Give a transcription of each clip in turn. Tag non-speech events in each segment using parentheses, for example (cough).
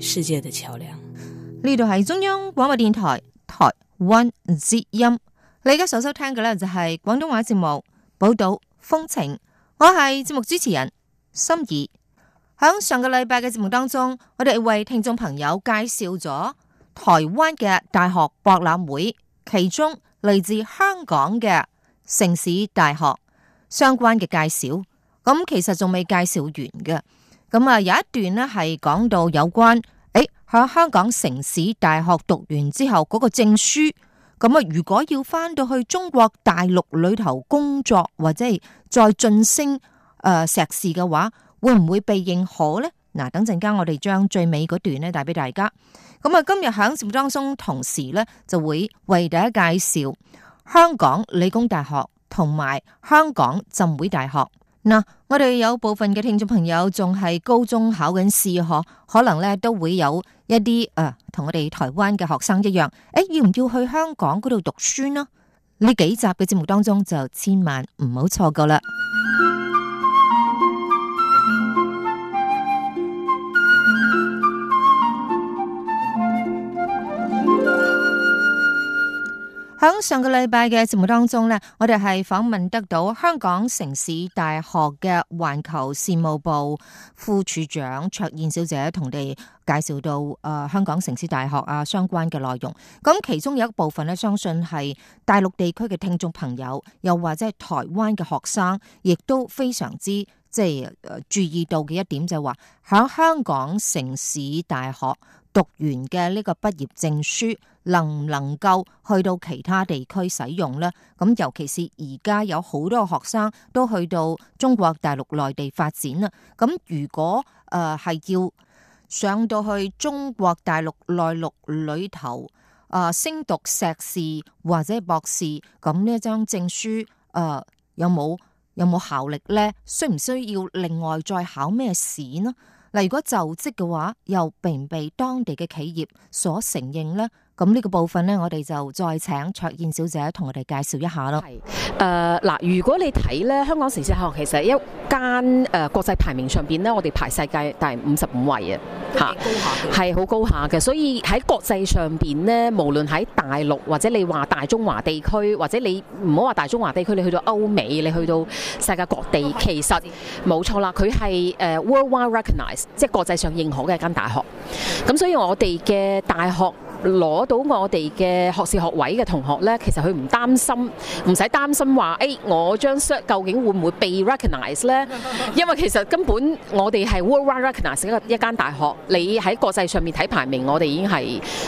世界的橋樑，呢度係中央廣播電台台灣之音，你而家所收聽嘅呢，就係廣東話節目《寶島風情》，我係節目主持人心儀。響上個禮拜嘅節目當中，我哋為聽眾朋友介紹咗台灣嘅大學博覽會，其中嚟自香港嘅城市大學相關嘅介紹，咁其實仲未介紹完嘅。咁啊，有一段咧係講到有關，誒、哎，喺香港城市大學讀完之後嗰、那個證書，咁啊，如果要翻到去中國大陸裏頭工作或者係再晉升誒碩、呃、士嘅話，會唔會被認可呢？嗱，等陣間我哋將最尾嗰段咧帶俾大家。咁啊，今日響節目當中同時咧，就會為大家介紹香港理工大學同埋香港浸會大學。嗱，我哋有部分嘅聽眾朋友仲係高中考緊試嗬，可能咧都會有一啲誒，同、呃、我哋台灣嘅學生一樣，誒，要唔要去香港嗰度讀書呢？呢幾集嘅節目當中就千萬唔好錯過啦。喺上個禮拜嘅節目當中呢，我哋係訪問得到香港城市大學嘅環球事務部副處長卓燕小姐，同你哋介紹到誒、呃、香港城市大學啊相關嘅內容。咁其中有一部分呢，相信係大陸地區嘅聽眾朋友，又或者係台灣嘅學生，亦都非常之。即、就、係、是、注意到嘅一點就係話，響香港城市大學讀完嘅呢個畢業證書，能唔能夠去到其他地區使用咧？咁尤其是而家有好多學生都去到中國大陸內地發展啦。咁如果誒係、呃、要上到去中國大陸內陸裏頭誒升讀碩士或者博士，咁呢一張證書誒、呃、有冇？有冇效力咧？需唔需要另外再考咩試呢？嗱，如果就職嘅話，又被唔被當地嘅企業所承認咧？咁呢個部分呢，我哋就再請卓燕小姐同我哋介紹一下咯。係誒嗱，如果你睇呢，香港城市大學其實一間誒、呃、國際排名上邊呢，我哋排世界第五十五位嘅，吓，係好高下嘅。所以喺國際上邊呢，無論喺大陸或者你話大中華地區，或者你唔好話大中華地區，你去到歐美，你去到世界各地，其實冇錯啦，佢係 worldwide recognized 即係國際上認可嘅一間大學。咁、嗯、所以我哋嘅大學。攞到我哋嘅學士學位嘅同學呢，其實佢唔擔心，唔使擔心話，哎，我張書究竟會唔會被 recognized 呢？因為其實根本我哋係 Worldwide recognized 一一間大學，你喺國際上面睇排名，我哋已經係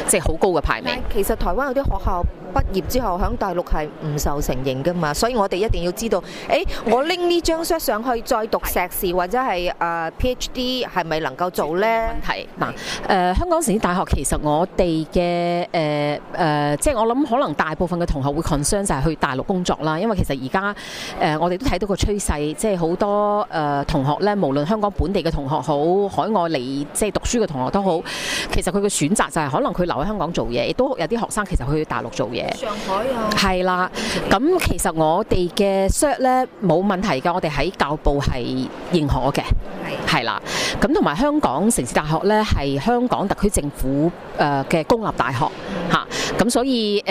即係好高嘅排名。其實台灣有啲學校畢業之後喺大陸係唔受承認噶嘛，所以我哋一定要知道，哎、我拎呢張書上去再讀碩士是或者係，uh, PhD 係咪能夠做呢？問題嗱，誒，香港城市大學其實我哋嘅誒誒，即係我諗可能大部分嘅同學會 concern 就係去大陸工作啦，因為其實而家誒我哋都睇到個趨勢，即係好多誒、呃、同學咧，無論香港本地嘅同學好，海外嚟即係讀書嘅同學都好，其實佢嘅選擇就係可能佢留喺香港做嘢，亦都有啲學生其實去大陸做嘢。上海啊，係啦，咁、嗯嗯嗯、其實我哋嘅 share 咧冇問題㗎，我哋喺教育部係認可嘅，係啦，咁同埋香港城市大學咧係香港特區政府誒嘅公。呃大學吓，咁所以誒，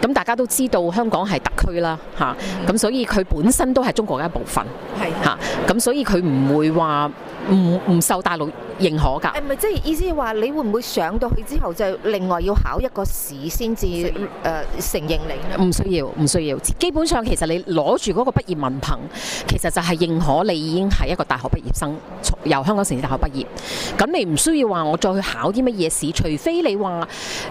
咁、呃、大家都知道香港係特區啦吓，咁、啊、所以佢本身都係中國一部分係吓，咁、啊、所以佢唔會話唔唔受大陸。認可㗎。係咪，即係意思話，你會唔會上到去之後就另外要考一個試先至誒承認你咧？唔需要，唔需要。基本上其實你攞住嗰個畢業文憑，其實就係認可你已經係一個大學畢業生，由香港城市大學畢業。咁你唔需要話我再去考啲乜嘢試，除非你話誒、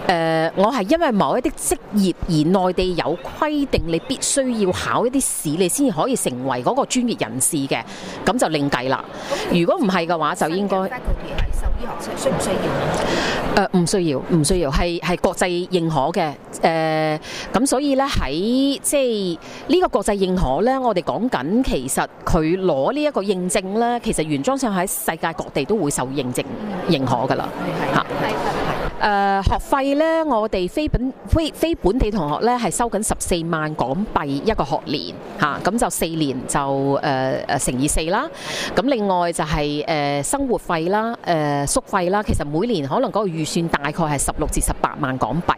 呃、我係因為某一啲職業而內地有規定，你必須要考一啲試，你先至可以成為嗰個專業人士嘅。咁就另計啦。嗯、如果唔係嘅話，就應該。係受醫學需需唔需要？誒、呃、唔需要，唔需要，係係國際認可嘅誒。咁、呃、所以呢，喺即係呢、呢個國際認可呢，我哋講緊其實佢攞呢一個認證呢，其實原裝上喺世界各地都會受認證認可噶啦嚇。誒、呃、學費呢，我哋非本非非本地同學呢係收緊十四萬港幣一個學年，咁、啊、就四年就、呃、乘以四啦。咁、啊、另外就係、是呃、生活費啦、誒、呃、宿費啦，其實每年可能嗰個預算大概係十六至十八萬港幣，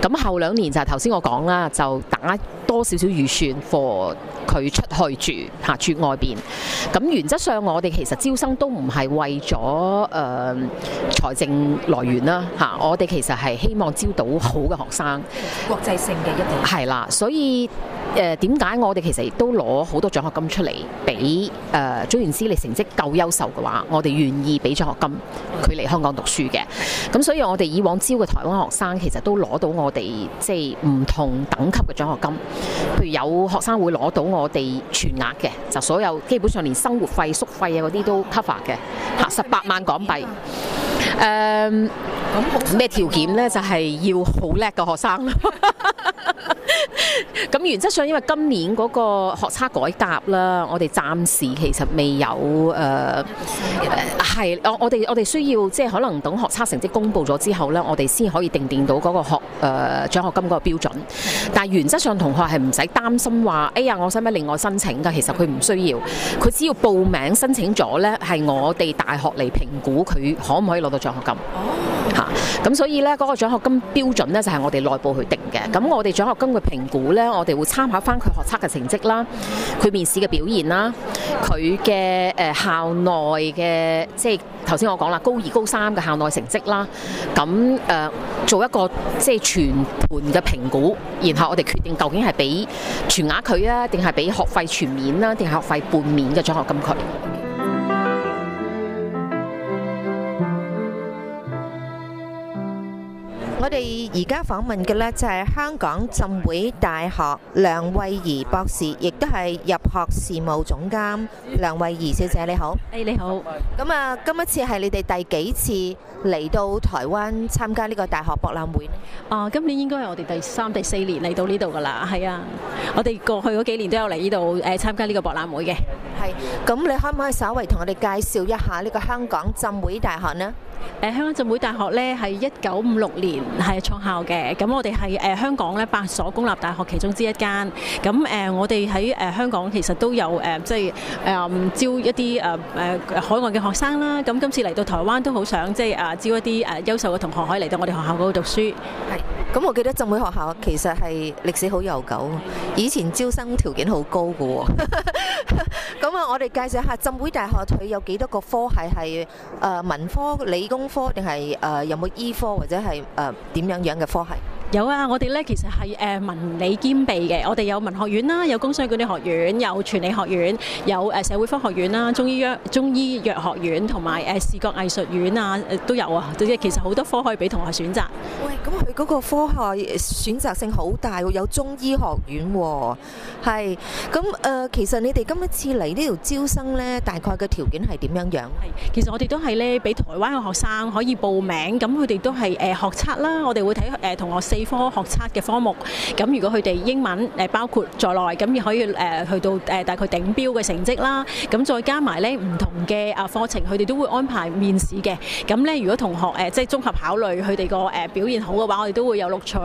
咁、啊、後兩年就係頭先我講啦，就打。多少少預算，for 佢出去住嚇，住外邊。咁原則上，我哋其實招生都唔係為咗誒、呃、財政來源啦嚇、啊，我哋其實係希望招到好嘅學生，國際性嘅一點係啦，所以。誒、呃，點解我哋其實都攞好多獎學金出嚟俾誒，總言之你成績夠優秀嘅話，我哋願意俾獎學金佢嚟香港讀書嘅。咁所以我哋以往招嘅台灣學生，其實都攞到我哋即係唔同等級嘅獎學金。譬如有學生會攞到我哋全額嘅，就所有基本上連生活費、宿費啊嗰啲都 cover 嘅，吓十八萬港幣。誒、呃，咩條件呢？就係、是、要好叻嘅學生咯。 (laughs) 咁 (laughs) 原則上，因為今年嗰個學測改革啦，我哋暫時其實未有誒，係、呃、我們我哋我哋需要即係可能等學測成績公布咗之後呢，我哋先可以定定到嗰個學誒獎、呃、學金嗰個標準。但係原則上，同學係唔使擔心話，哎呀，我使唔使另外申請噶？其實佢唔需要，佢只要報名申請咗呢，係我哋大學嚟評估佢可唔可以攞到獎學金。吓、啊，咁所以呢，嗰、那個獎學金標準呢，就係、是、我哋內部去定嘅。咁我哋獎學金嘅評估呢，我哋會參考翻佢學測嘅成績啦，佢面試嘅表現啦，佢嘅誒校內嘅，即係頭先我講啦，高二、高三嘅校內成績啦。咁誒做一個即係全盤嘅評估，然後我哋決定究竟係俾全額佢啊，定係俾學費全免啦，定係學費半免嘅獎學金佢。我哋而家訪問嘅呢，就係香港浸會大學梁慧儀博士，亦都係入學事務總監梁慧儀小姐，你好。誒、hey, 你好。咁啊，今一次係你哋第幾次嚟到台灣參加呢個大學博覽會咧？哦、啊，今年應該係我哋第三、第四年嚟到呢度㗎喇。係啊，我哋過去嗰幾年都有嚟呢度誒參加呢個博覽會嘅。係，咁你可唔可以稍微同我哋介紹一下呢個香港浸會大學呢？誒，香港浸會大學咧係一九五六年係創校嘅，咁我哋係誒香港咧八所公立大學其中之一間，咁誒我哋喺誒香港其實都有誒即係誒招一啲誒誒海外嘅學生啦，咁今次嚟到台灣都好想即係啊招一啲誒優秀嘅同學可以嚟到我哋學校嗰度讀書。係，咁我記得浸會學校其實係歷史好悠久，以前招生條件好高噶。咁 (laughs) 啊，我哋介紹下浸會大學佢有幾多個科係係誒，係文科、理工科定係誒，有冇醫科或者係誒，點樣樣嘅科係？有啊，我哋咧其實係誒文理兼備嘅，我哋有文學院啦，有工商管理學院，有傳理學院，有誒社會科學院啦，中醫藥中醫藥學院同埋誒視覺藝術院啊，都有啊，即係其實好多科可以俾同學選擇。喂，咁佢嗰個科學選擇性好大有中醫學院喎、哦，係。咁誒、呃、其實你哋今一次嚟呢條招生咧，大概嘅條件係點樣樣？其實我哋都係咧俾台灣嘅學生可以報名，咁佢哋都係誒學測啦，我哋會睇誒同學。四。幾科學測嘅科目，咁如果佢哋英文誒包括在內，咁亦可以誒、呃、去到誒、呃、大概頂標嘅成績啦。咁再加埋咧唔同嘅啊課程，佢哋都會安排面試嘅。咁咧，如果同學誒即係綜合考慮佢哋個誒表現好嘅話，我哋都會有錄取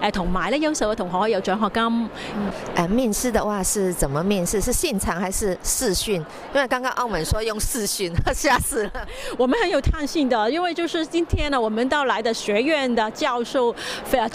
誒，同埋咧優秀嘅同學有獎學金。誒、嗯啊、面試的話是怎麼面試？是現場還是視訊？因為剛剛澳門說用視訊嚇死， (laughs) 我們很有彈性的，因為就是今天呢，我們到來的學院的教授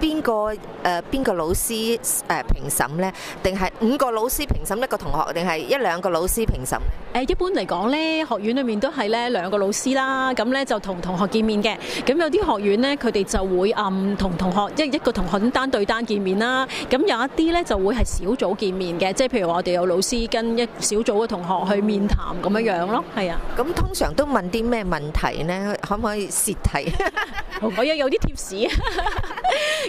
邊個誒邊、呃、個老師誒、呃、評審呢？定係五個老師評審一個同學，定係一兩個老師評審？誒、呃、一般嚟講呢學院裏面都係呢兩個老師啦，咁呢就同同學見面嘅。咁有啲學院呢，佢哋就會暗同、嗯、同學一一個同學單,單對單見面啦。咁有一啲呢，就會係小組見面嘅，即係譬如話我哋有老師跟一小組嘅同學去面談咁樣樣咯。係啊，咁通常都問啲咩問題呢？可唔可以泄題？ (laughs) 我又有啲貼士，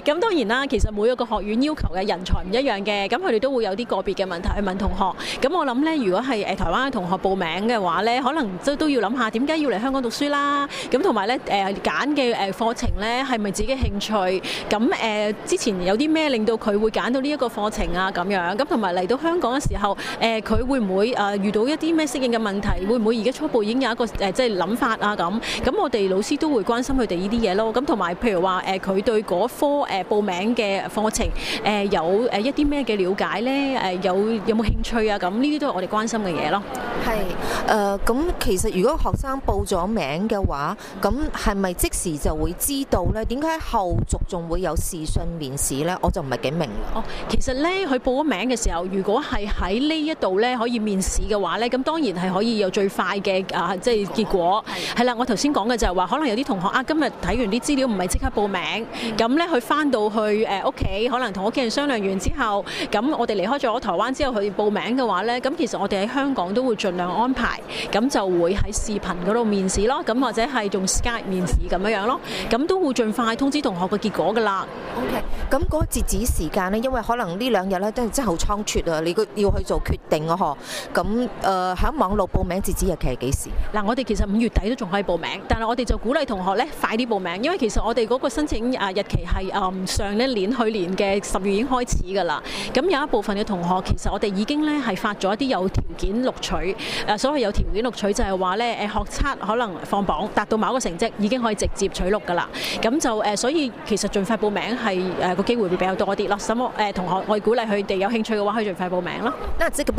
咁當然啦，其實每一個學院要求嘅人才唔一樣嘅，咁佢哋都會有啲個別嘅問題去問同學。咁我諗呢，如果係誒台灣嘅同學報名嘅話呢，可能都都要諗下點解要嚟香港讀書啦。咁同埋呢，誒揀嘅誒課程呢係咪自己興趣？咁誒、呃、之前有啲咩令到佢會揀到呢一個課程啊？咁樣，咁同埋嚟到香港嘅時候，誒、呃、佢會唔會誒遇到一啲咩適應嘅問題？會唔會而家初步已經有一個誒即係諗法啊？咁咁我哋老師都會關心佢哋呢啲嘢。咁同埋譬如話誒佢對嗰科誒、呃、報名嘅課程誒、呃、有誒一啲咩嘅了解咧？誒、呃、有有冇興趣啊？咁呢啲都係我哋關心嘅嘢咯。係誒咁其實如果學生報咗名嘅話，咁係咪即時就會知道咧？點解後續仲會有視訊面試咧？我就唔係幾明。哦，其實咧，佢報咗名嘅時候，如果係喺呢一度咧可以面試嘅話咧，咁當然係可以有最快嘅啊，即係結果係啦。我頭先講嘅就係話可能有啲同學啊，今日睇完啲資料唔係即刻報名，咁咧佢翻到去誒屋企，可能同屋企人商量完之後，咁我哋離開咗台灣之後去報名嘅話咧，咁其實我哋喺香港都會盡量安排，咁就會喺視頻嗰度面試咯，咁或者係用 Skype 面試咁樣樣咯，咁都會盡快通知同學嘅結果噶啦。OK，咁嗰個截止時間咧，因為可能呢兩日咧都係真係好倉促啊，你個要去做決定咯嗬，咁誒喺網絡報名截止日期係幾時？嗱，我哋其實五月底都仲可以報名，但係我哋就鼓勵同學咧快啲報名，因為其實我哋嗰個申請誒日期係誒上一年去年嘅十月已經開始㗎啦。咁有一部分嘅同學其實我哋已經咧係發咗一啲有條件錄取誒，所謂有條件錄取就係話咧誒學測可能放榜達到某個成績已經可以直接取錄㗎啦。咁就誒，所以其實盡快報名係誒個機會會比較多啲咯。咁我誒同學我哋鼓勵佢哋有興趣嘅話可以盡快報名啦。嗱，即係咁。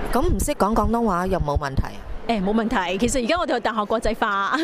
咁唔識講廣東話又冇問題？誒冇問題。其實而家我哋去大學國際化，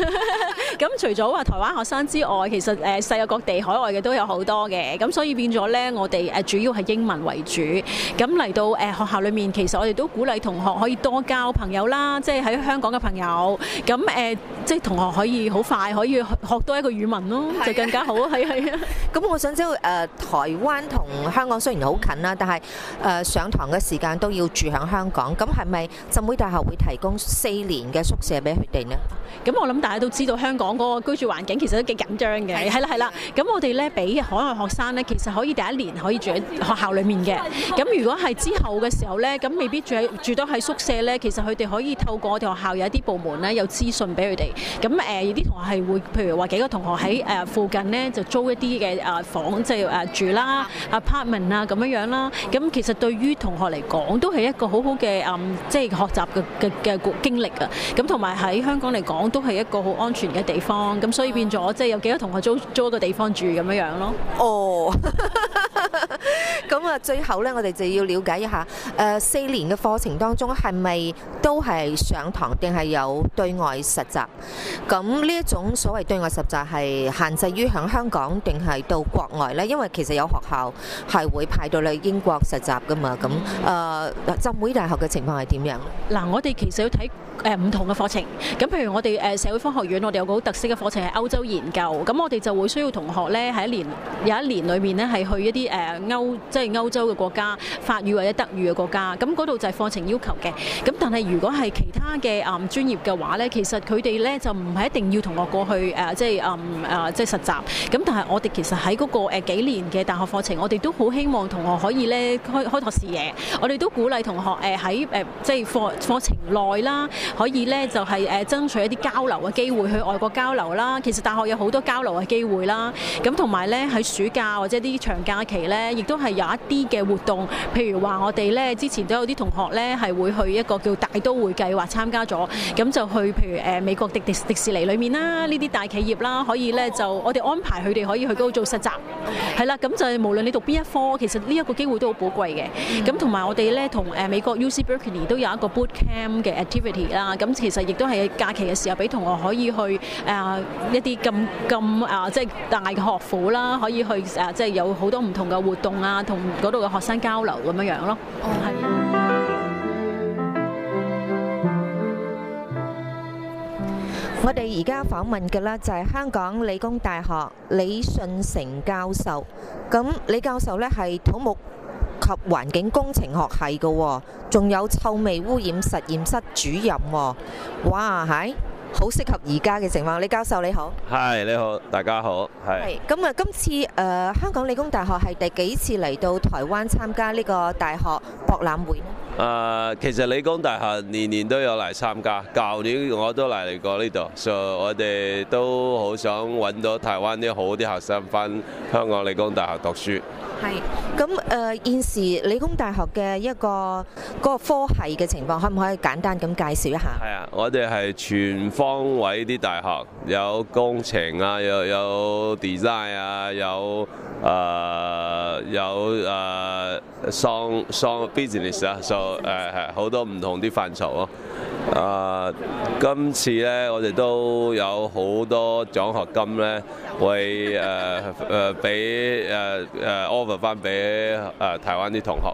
咁除咗話台灣學生之外，其實誒世界各地海外嘅都有好多嘅，咁所以變咗咧，我哋誒主要係英文為主。咁嚟到誒學校裏面，其實我哋都鼓勵同學可以多交朋友啦，即係喺香港嘅朋友。咁誒。即係同學可以好快可以學多一個語文咯，就更加好。係係啊。咁、啊、 (laughs) 我想知道誒、呃，台灣同香港雖然好近啦，但係誒、呃、上堂嘅時間都要住喺香港。咁係咪浸會大學會提供四年嘅宿舍俾佢哋呢？咁我諗大家都知道香港嗰個居住環境其實都幾緊張嘅。係啦係啦。咁、啊啊啊啊、我哋咧俾海外學生咧，其實可以第一年可以住喺學校裡面嘅。咁如果係之後嘅時候咧，咁未必住喺住到喺宿舍咧，其實佢哋可以透過我哋學校有一啲部門咧，有資訊俾佢哋。咁誒，有啲、呃、同學係會，譬如話幾個同學喺誒、呃、附近呢就租一啲嘅誒房，即係誒住啦，a、yeah. partment 啊咁樣樣啦。咁、嗯、其實對於同學嚟講，都係一個好好嘅、嗯、即係學習嘅嘅嘅經歷啊。咁同埋喺香港嚟講，都係一個好安全嘅地方。咁、嗯、所以變咗，即、就、係、是、有幾個同學租租個地方住咁樣樣咯。哦，咁啊，最後呢，我哋就要了解一下誒、呃、四年嘅課程當中係咪都係上堂，定係有對外實習？咁呢一種所謂對外實習係限制於響香港定係到國外呢？因為其實有學校係會派到你英國實習噶嘛。咁誒，浸會大學嘅情況係點樣？嗱、啊，我哋其實要睇。誒唔同嘅課程，咁譬如我哋誒社會科學院，我哋有個好特色嘅課程係歐洲研究，咁我哋就會需要同學咧喺一年有一年裏面咧係去一啲誒歐即係歐洲嘅國家、法語或者德語嘅國家，咁嗰度就係課程要求嘅。咁但係如果係其他嘅啊專業嘅話咧，其實佢哋咧就唔係一定要同學過去誒，即係啊啊即係實習。咁但係我哋其實喺嗰個誒幾年嘅大學課程，我哋都好希望同學可以咧開開拓視野。我哋都鼓勵同學誒喺誒即係課課程內啦。可以咧就係誒爭取一啲交流嘅機會去外國交流啦。其實大學有好多交流嘅機會啦。咁同埋咧喺暑假或者啲長假期咧，亦都係有一啲嘅活動。譬如話我哋咧之前都有啲同學咧係會去一個叫大都會計劃參加咗，咁就去譬如誒美國迪迪迪士尼裏面啦，呢啲大企業啦，可以咧就我哋安排佢哋可以去嗰度做實習。係啦，咁就係無論你讀邊一科，其實呢一個機會都好寶貴嘅。咁同埋我哋咧同誒美國 U C Berkeley 都有一個 Boot Camp 嘅 Activity 啊，咁其實亦都係假期嘅時候，俾同學可以去啊一啲咁咁啊，即係大嘅學府啦，可以去啊，即係有好多唔同嘅活動啊，同嗰度嘅學生交流咁樣樣咯。哦，係。我哋而家訪問嘅呢就係香港理工大學李舜成教授。咁李教授呢係土木及環境工程學系嘅、哦，仲有臭味污染實驗室主任、哦。哇，係好適合而家嘅情況。李教授你好，係你好，大家好，係。咁啊，今次誒、呃、香港理工大學係第幾次嚟到台灣參加呢個大學博覽會呢？誒、呃，其實理工大學年年都有嚟參加，舊年我都嚟過呢度，所以我哋都好想揾到台灣啲好啲學生返香港理工大學讀書。係，咁誒、呃、現時理工大學嘅一個、嗰個科系嘅情況可唔可以簡單咁介紹一下？係啊，我哋係全方位啲大學，有工程啊，有有 design 啊，有誒、呃、有誒商商 business 啊，誒係好多唔同啲範疇咯、啊。誒、呃，今次咧，我哋都有好多獎學金咧，會誒誒俾誒誒 o 播翻俾誒台灣啲同學。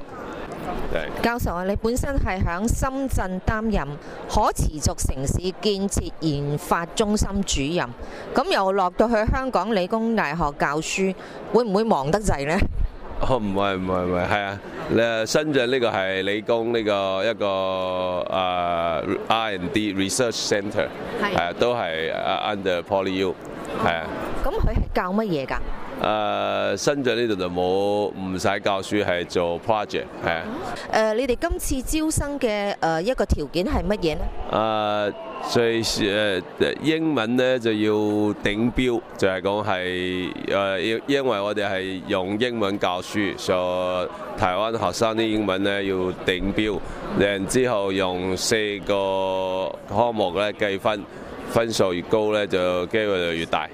教授啊，你本身係響深圳擔任可持續城市建設研發中心主任，咁又落到去香港理工大學教書，會唔會忙得滯呢？哦唔係唔係唔係，係啊！誒，深圳呢個係理工呢個一個誒 R and D Research Centre，係啊，都係 under PolyU，係啊。咁佢係教乜嘢㗎？誒，深圳呢度就冇，唔使教書，係做 project，係啊。呃、你哋今次招生嘅、誒、呃、一個條件係乜嘢咧？誒、呃、最誒、呃、英文咧，就要頂標，就係講係誒，因為我哋係用英文教書，所以台灣學生啲英文咧、嗯、要頂標，然後之後用四個科目咧計分，分數越高咧就機會就越大。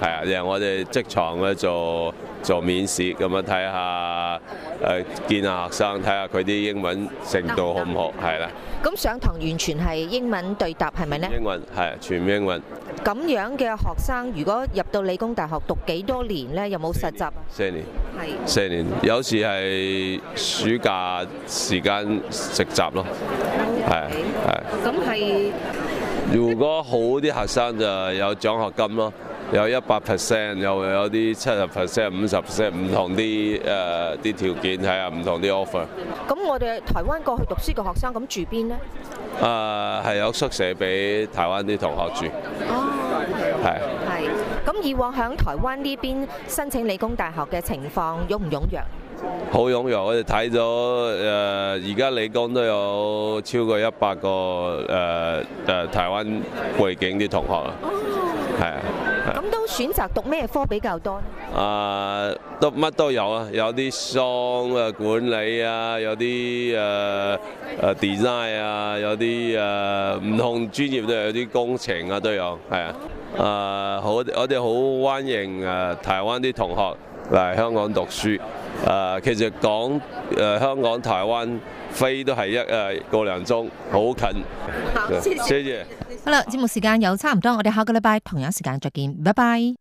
係啊，然後我哋職場呢做做面試，咁樣睇下誒、呃、見下學生，睇下佢啲英文程度、啊、好唔好，係啦。咁、啊、上堂完全係英文對答係咪呢？英文係、啊、全英文。咁樣嘅學生如果入到理工大學讀幾多年呢？有冇實習？四年係四年、年，有時係暑假時間實習咯，係係、啊。咁係、啊啊、如果好啲學生就有獎學金咯、啊。有一百 percent，又有啲七十 percent、五十 percent 唔同啲誒啲條件睇下，唔同啲 offer。咁我哋台灣過去讀書嘅學生，咁住邊呢？誒、呃、係有宿舍俾台灣啲同學住。哦，係。係。咁以往響台灣呢邊申請理工大學嘅情況踴唔踴躍？好踴躍，我哋睇咗誒，而、呃、家理工都有超過一百個誒誒、呃呃、台灣背景啲同學。哦係啊，咁、啊、都選擇讀咩科比較多啊？都乜都有，有啲 song，啊，有啲商嘅管理啊，有啲誒誒 design 啊，有啲誒唔同專業都有啲工程啊都有，係啊，啊好，我哋好歡迎誒、啊、台灣啲同學嚟香港讀書。誒，其實講誒香港台灣飛都係一誒個零鐘，好近。多謝，謝，好啦，節目時間又差唔多，我哋下個禮拜同樣時間再見，拜拜。